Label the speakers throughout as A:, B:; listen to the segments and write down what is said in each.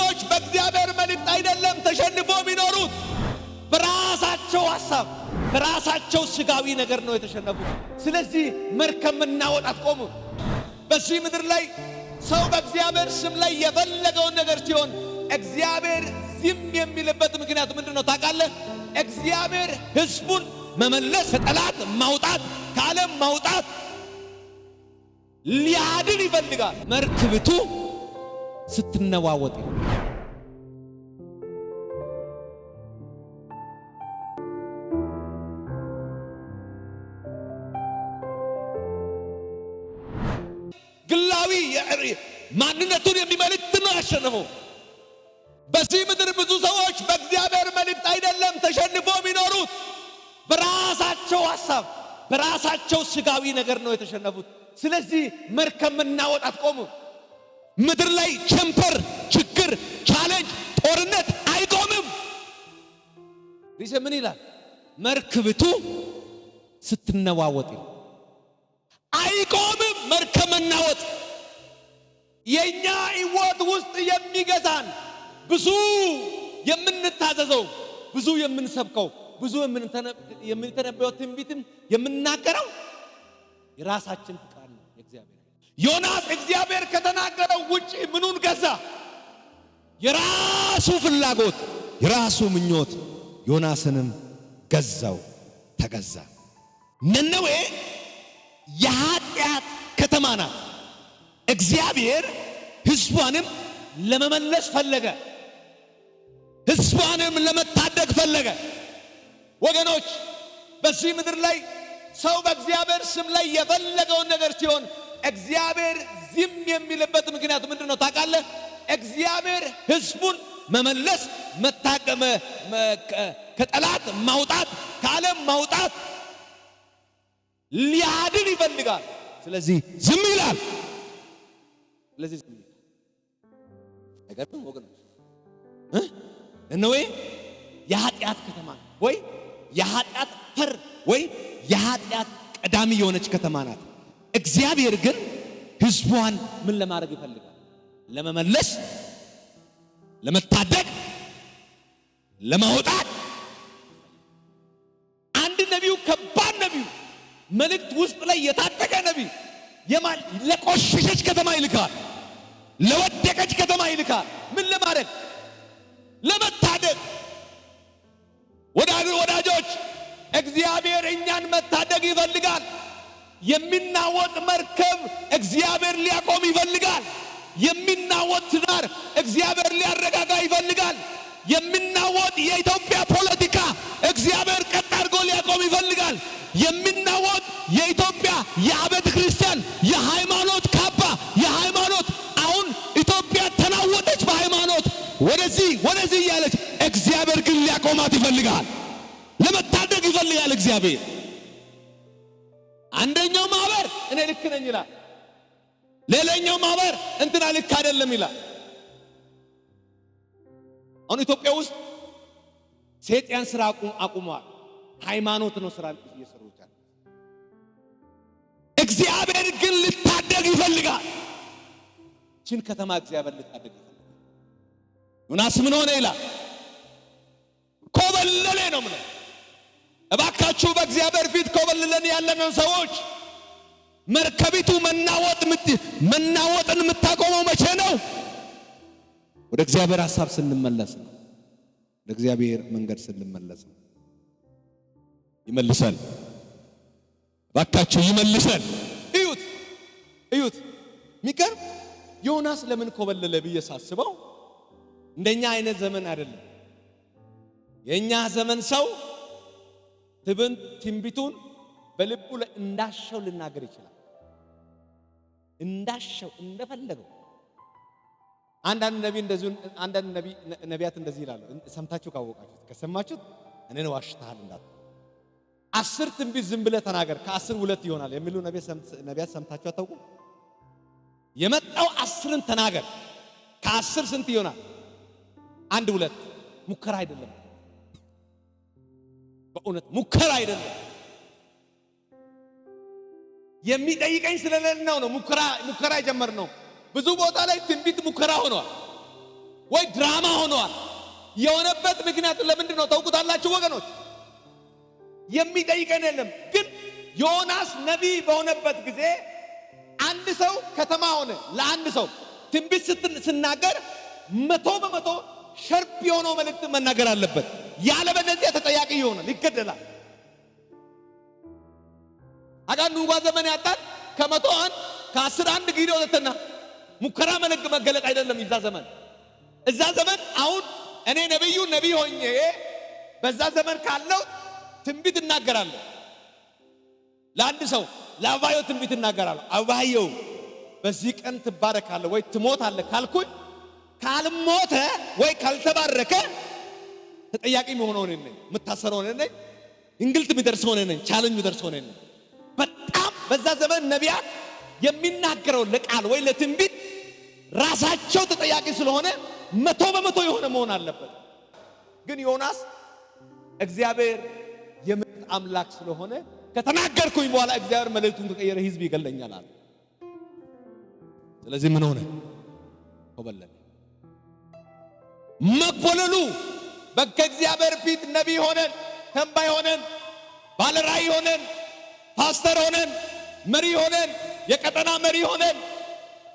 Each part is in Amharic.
A: ሰዎች በእግዚአብሔር መልእክት አይደለም ተሸንፎ የሚኖሩት፣ በራሳቸው ሀሳብ በራሳቸው ስጋዊ ነገር ነው የተሸነፉት። ስለዚህ መርከብ መናወጥ ቆሙ በዚህ ምድር ላይ ሰው በእግዚአብሔር ስም ላይ የፈለገውን ነገር ሲሆን እግዚአብሔር ዝም የሚልበት ምክንያት ምንድን ነው ታውቃለህ? እግዚአብሔር ሕዝቡን መመለስ፣ ከጠላት ማውጣት፣ ከዓለም ማውጣት ሊያድን ይፈልጋል። መርከብቱ ስትነዋወጥ ግላዊ ማንነቱን የሚመልክት ነው ያሸነፈው። በዚህ ምድር ብዙ ሰዎች በእግዚአብሔር መልእክት አይደለም ተሸንፎ የሚኖሩት በራሳቸው ሀሳብ በራሳቸው ስጋዊ ነገር ነው የተሸነፉት። ስለዚህ መርከብ ምናወጣት ቆሙ ምድር ላይ ቸምፐር፣ ችግር፣ ቻሌንጅ፣ ጦርነት አይቆምም። ዲሰ ምን ይላል? መርከብቱ ስትነዋወጥ አይቆምም። መርከብ መናወጥ የኛ ሕይወት ውስጥ የሚገዛን ብዙ የምንታዘዘው ብዙ የምንሰብከው ብዙ የምንተነበየው ትንቢትም የምናገረው የራሳችን ፍቃድ ነው የእግዚአብሔር ዮናስ እግዚአብሔር ከተናገረው ውጪ ምኑን ገዛ? የራሱ ፍላጎት፣ የራሱ ምኞት ዮናስንም ገዛው፣ ተገዛ። ነነዌ የኃጢአት ከተማ ናት። እግዚአብሔር ሕዝቧንም ለመመለስ ፈለገ። ሕዝቧንም ለመታደግ ፈለገ። ወገኖች በዚህ ምድር ላይ ሰው በእግዚአብሔር ስም ላይ የፈለገውን ነገር ሲሆን እግዚአብሔር ዝም የሚልበት ምክንያት ምንድን ነው ታውቃለህ? እግዚአብሔር ህዝቡን መመለስ መታቀመ ከጠላት ማውጣት ከዓለም ማውጣት ሊያድን ይፈልጋል። ስለዚህ ዝም ይላል። ስለዚህ ዝም ይላል። አይገርም ወገኖች? እነሆ የኃጢአት ከተማ ወይ የኃጢአት ፈር ወይ የኃጢአት ቀዳሚ የሆነች ከተማ ናት። እግዚአብሔር ግን ህዝቧን ምን ለማድረግ ይፈልጋል? ለመመለስ፣ ለመታደግ፣ ለማውጣት። አንድ ነቢዩ ከባድ ነቢዩ መልእክት ውስጥ ላይ የታጠቀ ነቢይ ለቆሸሸች ከተማ ይልካል፣ ለወደቀች ከተማ ይልካል። ምን ለማድረግ? ለመታደግ። ወዳጆች፣ እግዚአብሔር እኛን መታደግ ይፈልጋል። የሚናወጥ መርከብ እግዚአብሔር ሊያቆም ይፈልጋል። የሚናወጥ ትዳር እግዚአብሔር ሊያረጋጋ ይፈልጋል። የሚናወጥ የኢትዮጵያ ፖለቲካ እግዚአብሔር ቀጥ አድርጎ ሊያቆም ይፈልጋል። የሚናወጥ የኢትዮጵያ የአቤተ ክርስቲያን የሃይማኖት ካባ የሃይማኖት አሁን ኢትዮጵያ ተናወጠች በሃይማኖት ወደዚህ ወደዚህ እያለች እግዚአብሔር ግን ሊያቆማት ይፈልጋል። ለመታደግ ይፈልጋል እግዚአብሔር አንደኛው ማህበር እኔ ልክ ነኝ ይላል፣ ሌላኛው ማህበር እንትና ልክ አይደለም ይላል። አሁን ኢትዮጵያ ውስጥ ሰይጣን ስራ አቁመዋል። ሃይማኖት ነው ስራ እየሰሩ ያለ። እግዚአብሔር ግን ልታደግ ይፈልጋል። ችን ከተማ እግዚአብሔር ልታደግ ይፈልጋል። ዮናስ ምን ሆነ ይላል፣ ኮበለሌ ነው ምለው እባካችሁ በእግዚአብሔር ፊት ኮበልለን ያለንን ሰዎች መርከቢቱ መናወጥ መናወጥን የምታቆመው መቼ ነው? ወደ እግዚአብሔር ሐሳብ ስንመለስ ነው። ወደ እግዚአብሔር መንገድ ስንመለስ ነው። ይመልሰል፣ እባካችሁ ይመልሰን። እዩት፣ እዩት። የሚገርም ዮናስ ለምን ኮበለለ ብዬ ሳስበው እንደኛ አይነት ዘመን አይደለም የእኛ ዘመን ሰው ትንቢቱን በልቡ ላይ እንዳሻው ልናገር ይችላል። እንዳሻው እንደፈለገው። አንዳንድ ነቢ እንደዚሁ አንዳንድ ነቢ ነቢያት እንደዚህ ይላሉ። ሰምታችሁ ካወቃችሁት ከሰማችሁት እኔን ዋሽተሃል እንዳት አስር ትንቢት ዝም ብለህ ተናገር ከአስር ሁለት ይሆናል የሚሉ ነቢያት ሰምታችሁ አታውቁ? የመጣው አስርን ተናገር ከአስር ስንት ይሆናል? አንድ ሁለት ሙከራ አይደለም በእውነት ሙከራ አይደለም። የሚጠይቀኝ ስለሌለው ነው ሙከራ ሙከራ የጀመርነው። ብዙ ቦታ ላይ ትንቢት ሙከራ ሆኗል ወይ ድራማ ሆኗል። የሆነበት ምክንያት ለምንድን ነው ታውቁታላችሁ ወገኖች? የሚጠይቀን የለም። ግን ዮናስ ነቢይ በሆነበት ጊዜ አንድ ሰው ከተማ ሆነ ለአንድ ሰው ትንቢት ስናገር መቶ በመቶ ሸርፕ የሆነው መልእክት መናገር አለበት። ያለበለዚያ ተጠያቂ ይሆናል፣ ይገደላል። አጋን ኑባ ዘመን ያጣል። ከመቶ አንድ ከአስር አንድ ጊዜ ሁለትና ሙከራ መልእክት መገለጥ አይደለም። እዛ ዘመን እዛ ዘመን አሁን እኔ ነብዩ ነብይ ሆኜ በዛ ዘመን ካለው ትንቢት እናገራለሁ። ለአንድ ሰው ለአባዮ ትንቢት እናገራለሁ። አባዮ በዚህ ቀን ትባረካለህ ወይ ትሞታለህ ካልኩኝ ካልሞተ ወይ ካልተባረከ ተጠያቂ የሚሆነው ሆነ ነኝ፣ የምታሰር ሆነ ነኝ፣ እንግልት የሚደርሰው ሆነ ነኝ፣ ቻለንጅ የሚደርስ ሆነ ነኝ። በጣም በዛ ዘመን ነቢያት የሚናገረው ለቃል ወይ ለትንቢት ራሳቸው ተጠያቂ ስለሆነ መቶ በመቶ የሆነ መሆን አለበት። ግን ዮናስ እግዚአብሔር የምት አምላክ ስለሆነ ከተናገርኩኝ በኋላ እግዚአብሔር መልእክቱን ከቀየረ ህዝብ ይገለኛል አለ። ስለዚህ ምን ሆነ? ኮበለለ። መኮለሉ በከእግዚአብሔር ፊት ነቢይ ሆነን ተንባይ ሆነን ባለራእይ ሆነን ፓስተር ሆነን መሪ ሆነን የቀጠና መሪ ሆነን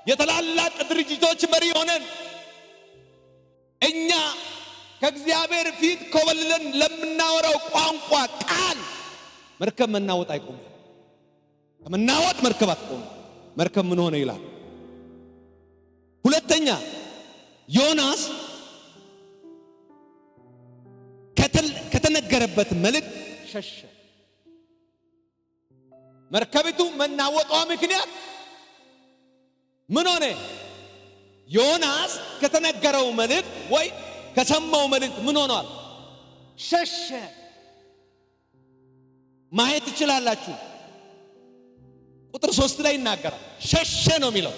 A: የትላላቅ ድርጅቶች መሪ ሆነን እኛ ከእግዚአብሔር ፊት ኮበልለን ለምናወራው ቋንቋ ቃል መርከብ መናወጥ አይቆም። ከምናወጥ መርከብ አትቆም። መርከብ ምን ሆነ ይላል። ሁለተኛ ዮናስ ከተነገረበት መልእክት ሸሸ። መርከቢቱ መናወጧ ምክንያት ምን ሆነ? ዮናስ ከተነገረው መልእክት ወይ ከሰማው መልእክት ምን ሆኗል? ሸሸ። ማየት ትችላላችሁ። ቁጥር ሶስት ላይ ይናገራል። ሸሸ ነው የሚለው።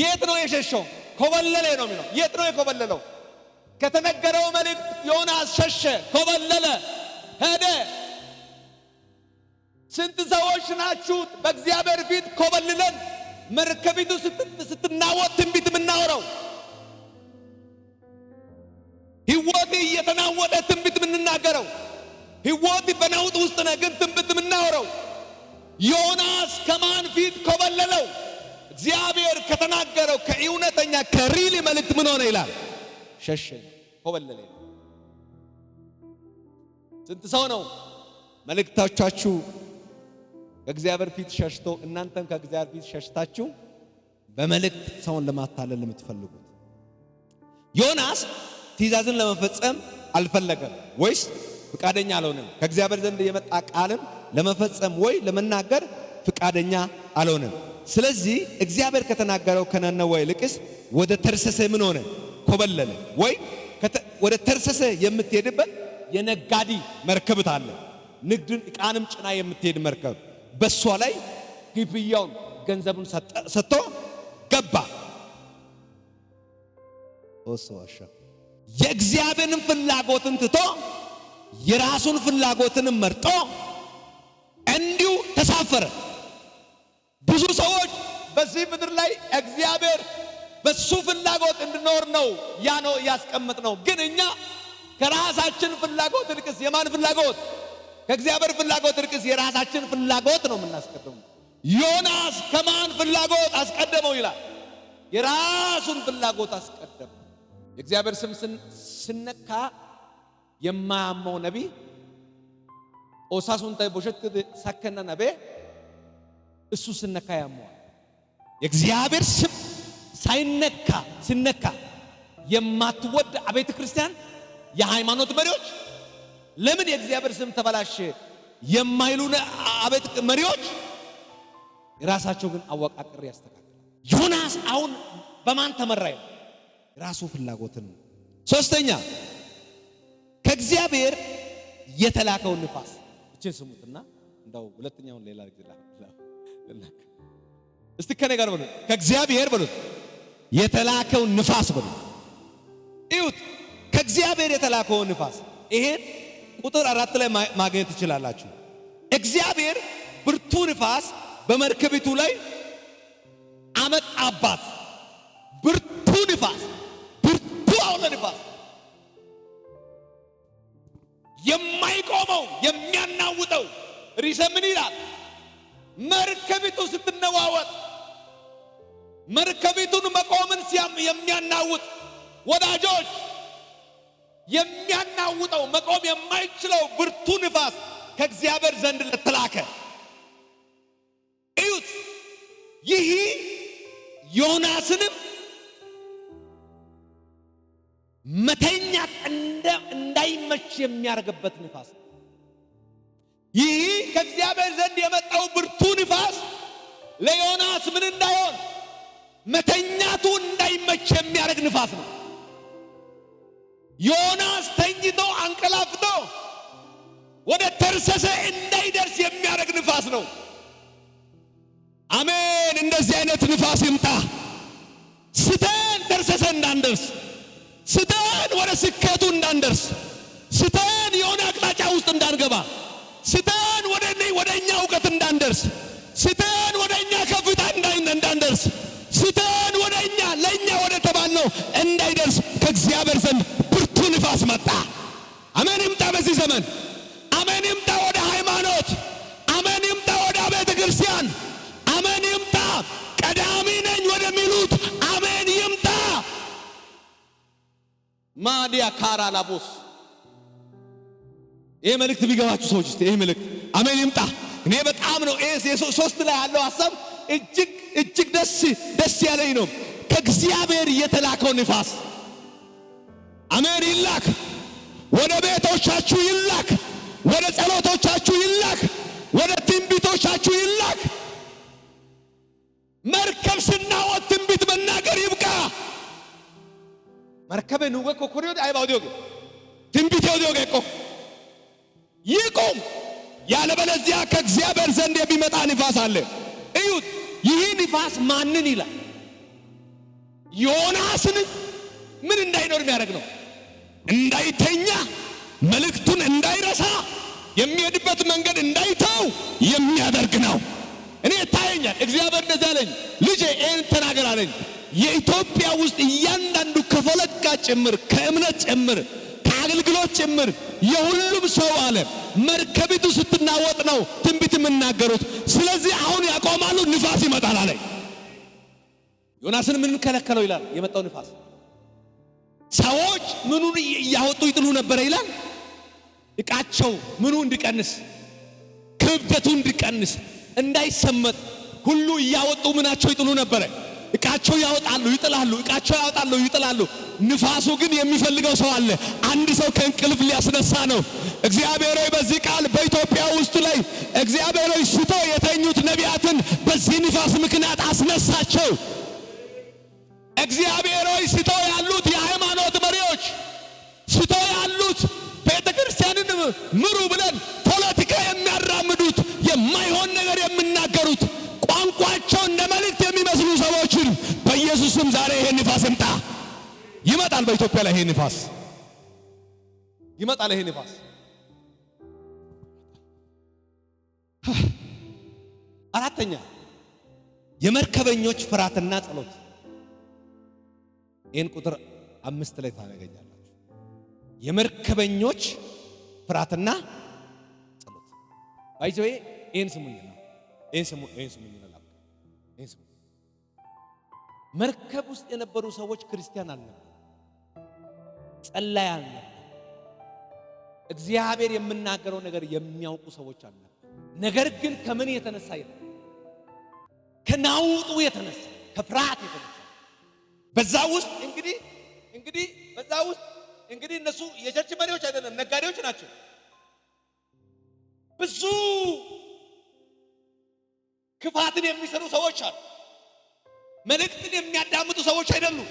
A: የት ነው የሸሸው? ኮበለለ ነው የሚለው። የት ነው የኮበለለው? ከተነገረው መልእክት ዮናስ ሸሸ፣ ኮበለለ፣ ሄደ። ስንት ሰዎች ናችሁ በእግዚአብሔር ፊት ኮበልለን መርከቢቱ ስትናወጥ ትንቢት የምናወራው ሕይወት እየተናወጠ ትንቢት የምንናገረው ሕይወት በናውጥ ውስጥ ነ ግን ትንቢት የምናወራው ዮናስ ከማን ፊት ኮበለለው? እግዚአብሔር ከተናገረው ከእውነተኛ ከሪል መልእክት ምን ሆነ ይላል ሸሸ ኮበለለ። ስንት ሰው ነው መልእክቶቻችሁ ከእግዚአብሔር ፊት ሸሽቶ፣ እናንተም ከእግዚአብሔር ፊት ሸሽታችሁ በመልእክት ሰውን ለማታለል የምትፈልጉት? ዮናስ ትእዛዝን ለመፈጸም አልፈለገም ወይስ ፍቃደኛ አልሆነም? ከእግዚአብሔር ዘንድ የመጣ ቃልን ለመፈጸም ወይ ለመናገር ፍቃደኛ አልሆነም። ስለዚህ እግዚአብሔር ከተናገረው ከነነዌ ይልቅስ ወደ ተርሴስ ምን ሆነ? ኮበለለ ወይ ወደ ተርሰሰ የምትሄድበት የነጋዴ መርከብት አለ። ንግድን እቃንም ጭና የምትሄድ መርከብ በሷ ላይ ግብያውን ገንዘቡን ሰጥቶ ገባ። ኦሶዋሻ የእግዚአብሔርን ፍላጎትን ትቶ የራሱን ፍላጎትንም መርጦ እንዲሁ ተሳፈረ። ብዙ ሰዎች በዚህ ምድር ላይ እግዚአብሔር በሱ ፍላጎት እንድኖር ነው ያ ነው ያስቀምጥ ነው። ግን እኛ ከራሳችን ፍላጎት እርቅስ የማን ፍላጎት? ከእግዚአብሔር ፍላጎት እርቅስ የራሳችን ፍላጎት ነው የምናስቀድመው። ዮናስ ከማን ፍላጎት አስቀደመው ይላል? የራሱን ፍላጎት አስቀደመ። የእግዚአብሔር ስም ስነካ የማያመው ነቢ ኦሳሱን ታይ ቦሸት ነቤ እሱ ስነካ ያመዋል። የእግዚአብሔር ስም ሳይነካ ሲነካ የማትወድ አቤተ ክርስቲያን የሃይማኖት መሪዎች ለምን የእግዚአብሔር ስም ተበላሽ የማይሉ አቤት መሪዎች ራሳቸው ግን አወቃቅር ያስተካክላል። ዮናስ አሁን በማን ተመራ? ራሱ ፍላጎትን ነው። ሶስተኛ ከእግዚአብሔር የተላከው ንፋስ እችን ስሙትና እንደው ሁለተኛውን ሌላ ጊዜ እስቲ ከኔ ጋር በሉት ከእግዚአብሔር በሉት የተላከው ንፋስ ብሎ እዩት። ከእግዚአብሔር የተላከው ንፋስ ይሄን ቁጥር አራት ላይ ማግኘት ትችላላችሁ። እግዚአብሔር ብርቱ ንፋስ በመርከቢቱ ላይ አመጣባት። ብርቱ ንፋስ፣ ብርቱ አውሎ ንፋስ፣ የማይቆመው የሚያናውጠው ርዕሰ ምን ይላል? መርከቢቱ ስትነዋወጥ መርከቢቱን መቆምን የሚያናውጥ ወዳጆች፣ የሚያናውጠው መቆም የማይችለው ብርቱ ንፋስ ከእግዚአብሔር ዘንድ ለተላከ እዩት። ይህ ዮናስንም መተኛ እንዳይመች የሚያደርግበት ንፋስ ነው። ይህ ከእግዚአብሔር ዘንድ የመጣው ብርቱ ንፋስ ለዮናስ ምን እንዳይሆን መተኛቱ እንዳይመች የሚያደርግ ንፋስ ነው። ዮናስ ተኝቶ አንቀላፍቶ ወደ ተርሰሰ እንዳይደርስ የሚያደርግ ንፋስ ነው። አሜን። እንደዚህ አይነት ንፋስ ይምጣ። ስተን ተርሰሰ እንዳንደርስ፣ ስተን ወደ ስኬቱ እንዳንደርስ፣ ስተን የሆነ አቅጣጫ ውስጥ እንዳንገባ፣ ስተን ወደ እኛ እውቀት እንዳንደርስ፣ ስተን ወደ እኛ ነው እንዳይደርስ ከእግዚአብሔር ዘንድ ብርቱ ንፋስ መጣ። አሜን ይምጣ በዚህ ዘመን። አሜን ይምጣ ወደ ሃይማኖት። አሜን ይምጣ ወደ ቤተ ክርስቲያን። አሜን ይምጣ ቀዳሚ ነኝ ወደሚሉት አሜን ይምጣ። ማዲያ ካራ ላቦስ ይህ መልእክት ቢገባችሁ ሰዎች ይህ መልእክት አሜን ይምጣ። እኔ በጣም ነው ሶስት ላይ ያለው ሀሳብ እጅግ እጅግ ደስ ደስ ያለኝ ነው። ከእግዚአብሔር የተላከው ንፋስ አሜን ይላክ፣ ወደ ቤቶቻችሁ ይላክ፣ ወደ ጸሎቶቻችሁ ይላክ፣ ወደ ትንቢቶቻችሁ ይላክ። መርከብ ስናወጥ ትንቢት መናገር ይብቃ። መርከበ ንወ ኮኮሪዮት አይባ ወዲዮገ ትንቢት ወዲዮገ እኮ ይቁም። ያለበለዚያ ከእግዚአብሔር ዘንድ የሚመጣ ንፋስ አለ። እዩት። ይህ ንፋስ ማንን ይላል? ዮናስን ምን እንዳይኖር የሚያደርግ ነው። እንዳይተኛ መልእክቱን እንዳይረሳ የሚሄድበት መንገድ እንዳይተው የሚያደርግ ነው። እኔ ታየኛል። እግዚአብሔር እንደዚያ አለኝ፣ ልጄ ይህን ተናገር አለኝ። የኢትዮጵያ ውስጥ እያንዳንዱ ከፈለጋ ጭምር ከእምነት ጭምር ከአገልግሎት ጭምር የሁሉም ሰው አለ መርከቢቱ ስትናወጥ ነው ትንቢት የምናገሩት። ስለዚህ አሁን ያቆማሉ፣ ንፋስ ይመጣል አለኝ። ዮናስን ምን ከለከለው ይላል? የመጣው ንፋስ። ሰዎች ምኑን እያወጡ ይጥሉ ነበረ ይላል? እቃቸው ምኑ እንዲቀንስ፣ ክብደቱ እንዲቀንስ፣ እንዳይሰመጥ ሁሉ እያወጡ ምናቸው ይጥሉ ነበረ። እቃቸው ያወጣሉ፣ ይጥላሉ፣ እቃቸው ያወጣሉ፣ ይጥላሉ። ንፋሱ ግን የሚፈልገው ሰው አለ። አንድ ሰው ከእንቅልፍ ሊያስነሳ ነው። እግዚአብሔር ሆይ በዚህ ቃል በኢትዮጵያ ውስጥ ላይ እግዚአብሔር ሆይ ሽቶ የተኙት ነቢያትን በዚህ ንፋስ ምክንያት አስነሳቸው። እግዚአብሔሮች ስተው ያሉት የሃይማኖት መሪዎች ስተው ያሉት ቤተ ክርስቲያንን ምሩ ብለን ፖለቲካ የሚያራምዱት የማይሆን ነገር የምናገሩት ቋንቋቸው እንደ መልእክት የሚመስሉ ሰዎችን በኢየሱስም ዛሬ ይሄን ንፋስ እምጣ። ይመጣል። በኢትዮጵያ ላይ ይሄን ንፋስ ይመጣል። ይሄን ንፋስ አራተኛ የመርከበኞች ፍርሃትና ጸሎት ይህን ቁጥር አምስት ላይ ታገኛላችሁ። የመርከበኞች ፍራትና ጸሎት ባይዘው ይህን ስሙኝ ስሙኝ መርከብ ውስጥ የነበሩ ሰዎች ክርስቲያን አልነበሩ፣ ጸላይ አልነበሩ፣ እግዚአብሔር የምናገረው ነገር የሚያውቁ ሰዎች አልነበሩ። ነገር ግን ከምን የተነሳ ይላል? ከናውጡ የተነሳ ከፍርሃት የተነሳ በዛ ውስጥ እንግዲህ እንግዲህ በዛ ውስጥ እንግዲህ እነሱ የቸርች መሪዎች አይደለም፣ ነጋዴዎች ናቸው። ብዙ ክፋትን የሚሰሩ ሰዎች አሉ። መልእክትን የሚያዳምጡ ሰዎች አይደሉም።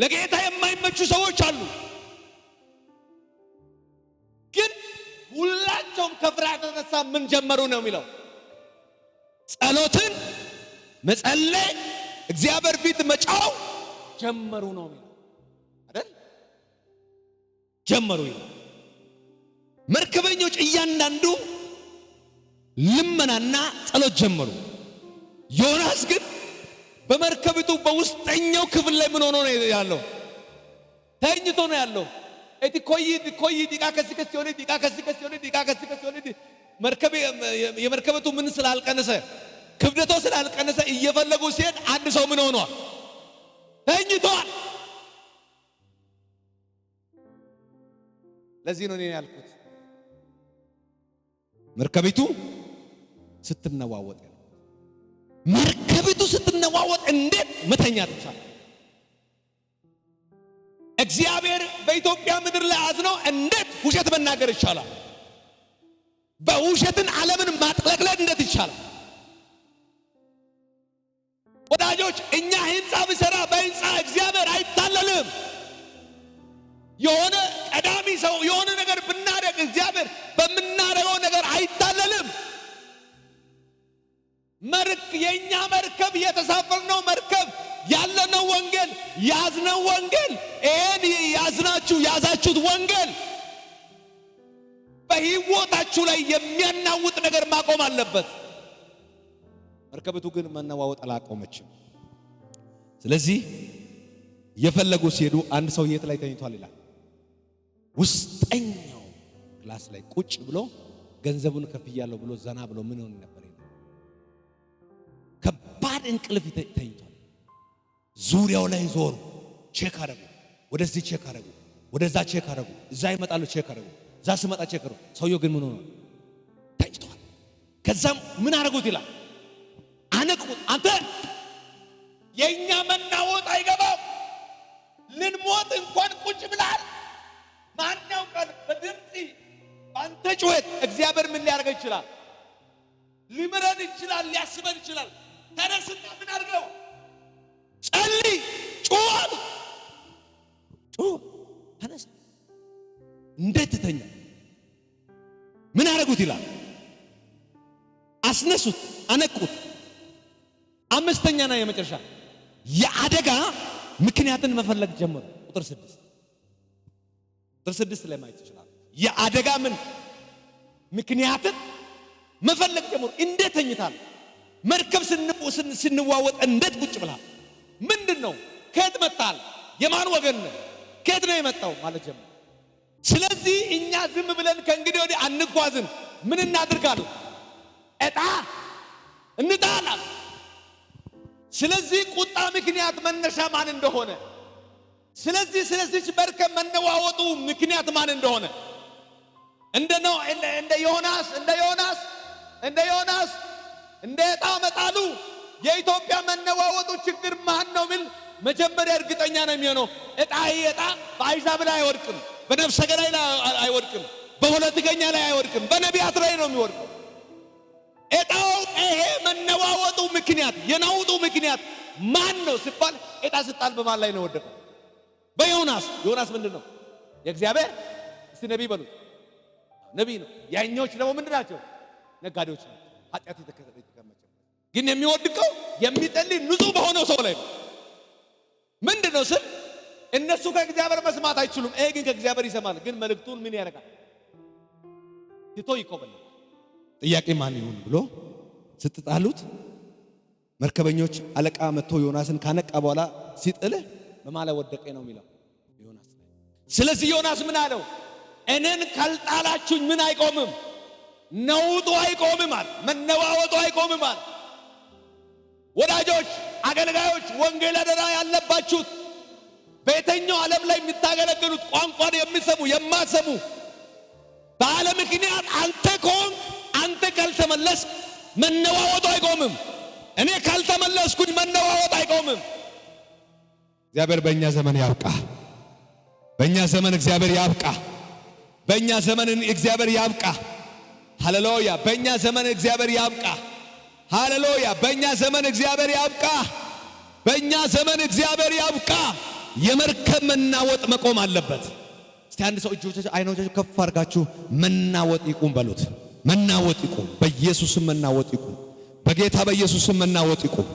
A: ለጌታ የማይመቹ ሰዎች አሉ። ግን ሁላቸውም ከፍርሃት የተነሳ ምን ጀመሩ ነው የሚለው ጸሎትን መጸለይ እግዚአብሔር ፊት መጫው ጀመሩ ነው አይደል? ጀመሩ ይላል። መርከበኞች እያንዳንዱ ልመናና ጸሎት ጀመሩ። ዮናስ ግን በመርከቢቱ በውስጠኛው ክፍል ላይ ምን ሆኖ ነው ያለው? ተኝቶ ነው ያለው። እቲ ኮይ ኮይ ዲቃ ከስከስ ሆነ ዲቃ ከስከስ ሆነ ዲቃ ከስከስ ሆነ የመርከበቱ ምን ስላልቀነሰ ክብደቷ ስላልቀነሰ እየፈለጉ ሲሄድ አንድ ሰው ምን ሆኗል? ተኝቷል። ለዚህ ነው እኔ ያልኩት መርከቢቱ ስትነዋወጥ መርከቢቱ ስትነዋወጥ እንዴት መተኛት ይቻላል? እግዚአብሔር በኢትዮጵያ ምድር ላይ አዝኖ እንዴት ውሸት መናገር ይቻላል? በውሸትን ዓለምን ማጥለቅለቅ እንዴት ይቻላል? ወዳጆች እኛ ህንፃ ብሰራ በህንፃ እግዚአብሔር አይታለልም። የሆነ ቀዳሚ ሰው የሆነ ነገር ብናደግ እግዚአብሔር በምናደርገው ነገር አይታለልም። መርክ የእኛ መርከብ የተሳፈርነው መርከብ ያለነው ወንጌል ያዝነው ወንጌል ይህን ያዝናችሁ ያዛችሁት ወንጌል በህይወታችሁ ላይ የሚያናውጥ ነገር ማቆም አለበት። መርከብቱ ግን መነዋወጥ አላቆመችም። ስለዚህ የፈለጉ ሲሄዱ አንድ ሰው የት ላይ ተኝቷል ይላል። ውስጠኛው ክላስ ላይ ቁጭ ብሎ ገንዘቡን ከፍያለሁ ብሎ ዘና ብሎ ምን ሆነ ነበር? ከባድ እንቅልፍ ተኝቷል። ዙሪያው ላይ ዞሩ፣ ቼክ አረጉ፣ ወደዚህ ቼክ አረጉ፣ ወደዛ ቼክ አረጉ፣ እዛ ይመጣሉ፣ ቼክ አረጉ፣ እዛ ስመጣ ቼክ አረጉ። ሰውየው ግን ምን ሆነ? ተኝቷል። ከዛም ምን አረጉት ይላል አነቅሙት። አንተ የእኛ መናወጥ አይገባም። ልንሞት እንኳን ቁጭ ብላል። ማን ያውቃል? በድምፅ በአንተ ጩኸት እግዚአብሔር ምን ሊያደርገ ይችላል? ሊምረን ይችላል፣ ሊያስበን ይችላል። ተነስና ምን አድርገው? ጸሊ ጩኸት ተነስ። እንዴት ትተኛ? ምን አደረጉት ይላል? አስነሱት፣ አነቁት አምስተኛና የመጨረሻ የአደጋ ምክንያትን መፈለግ ጀመሩ። ቁጥር ስድስት ቁጥር ስድስት ላይ ማየት ይችላል። የአደጋ ምን ምክንያትን መፈለግ ጀመሩ። እንዴት ተኝታል? መርከብ ስንዋወጥ እንዴት ቁጭ ብላል? ምንድን ነው? ከየት መጣል? የማን ወገን ነው? ከየት ነው የመጣው ማለት ጀመሩ። ስለዚህ እኛ ዝም ብለን ከእንግዲህ ወዲህ አንጓዝን ምን እናድርጋለን? እጣ እንጣላል ስለዚህ ቁጣ ምክንያት መነሻ ማን እንደሆነ፣ ስለዚህ ስለዚች መርከብ መነዋወጡ ምክንያት ማን እንደሆነ እንደ ነው እንደ ዮናስ እንደ ዮናስ እንደ ዮናስ እንደ ዕጣ መጣሉ የኢትዮጵያ መነዋወጡ ችግር ማን ነው ምን መጀመሪያ እርግጠኛ ነው የሚሆነው። ዕጣ ዕጣ በአሕዛብ ላይ አይወድቅም፣ በነፍሰ ገዳይ ላይ አይወድቅም፣ በፖለቲከኛ ላይ አይወድቅም፣ በነቢያት ላይ ነው የሚወድቀው። የመነዋወጡ ምክንያት የናውጡ ምክንያት ማን ነው ሲባል ዕጣ ሲጣል በማን ላይ ነው ወደቀው? በዮናስ። ዮናስ ምንድን ነው? የእግዚአብሔር እስቲ ነቢይ በሉት። ነቢይ ነው። ያኞች ደግሞ ምንድን ናቸው? ነጋዴዎች ነው ኃጢአት የተቀመጠ ግን የሚወድቀው የሚጠል ንጹህ በሆነው ሰው ላይ ነው። ምንድን ነው ስል እነሱ ከእግዚአብሔር መስማት አይችሉም። ይሄ ግን ከእግዚአብሔር ይሰማል። ግን መልእክቱን ምን ያደርጋል? ትቶ ይቆበል ጥያቄ ማን ይሁን ብሎ ስትጣሉት መርከበኞች አለቃ መጥቶ ዮናስን ካነቃ በኋላ ሲጥልህ በማለ ወደቀ ነው የሚለው ዮናስ። ስለዚህ ዮናስ ምን አለው? እኔን ካልጣላችሁኝ ምን አይቆምም? ነውጡ አይቆምም አለ። መነዋወጡ አይቆምም አለ። ወዳጆች፣ አገልጋዮች፣ ወንጌል አደራ ያለባችሁት በየተኛው ዓለም ላይ የምታገለግሉት ቋንቋን የሚሰሙ የማሰሙ በዓለ ምክንያት አንተ ከሆን አንተ ካልተመለስ መነዋወጡ አይቆምም። እኔ ካልተመለስኩኝ መነዋወጥ አይቆምም። እግዚአብሔር በእኛ ዘመን ያብቃ። በእኛ ዘመን እግዚአብሔር ያብቃ። በእኛ ዘመን እግዚአብሔር ያብቃ። ሃሌሉያ! በእኛ ዘመን እግዚአብሔር ያብቃ። ሃሌሉያ! በእኛ ዘመን እግዚአብሔር ያብቃ። በእኛ ዘመን እግዚአብሔር ያብቃ። የመርከብ መናወጥ መቆም አለበት። እስቲ አንድ ሰው እጆቻችሁ አይኖቻችሁ ከፍ አድርጋችሁ መናወጥ ይቁም በሉት። መናወጥ ይቁም። በኢየሱስም መናወጥ ይቁም። በጌታ በኢየሱስም መናወጥ ይቁም።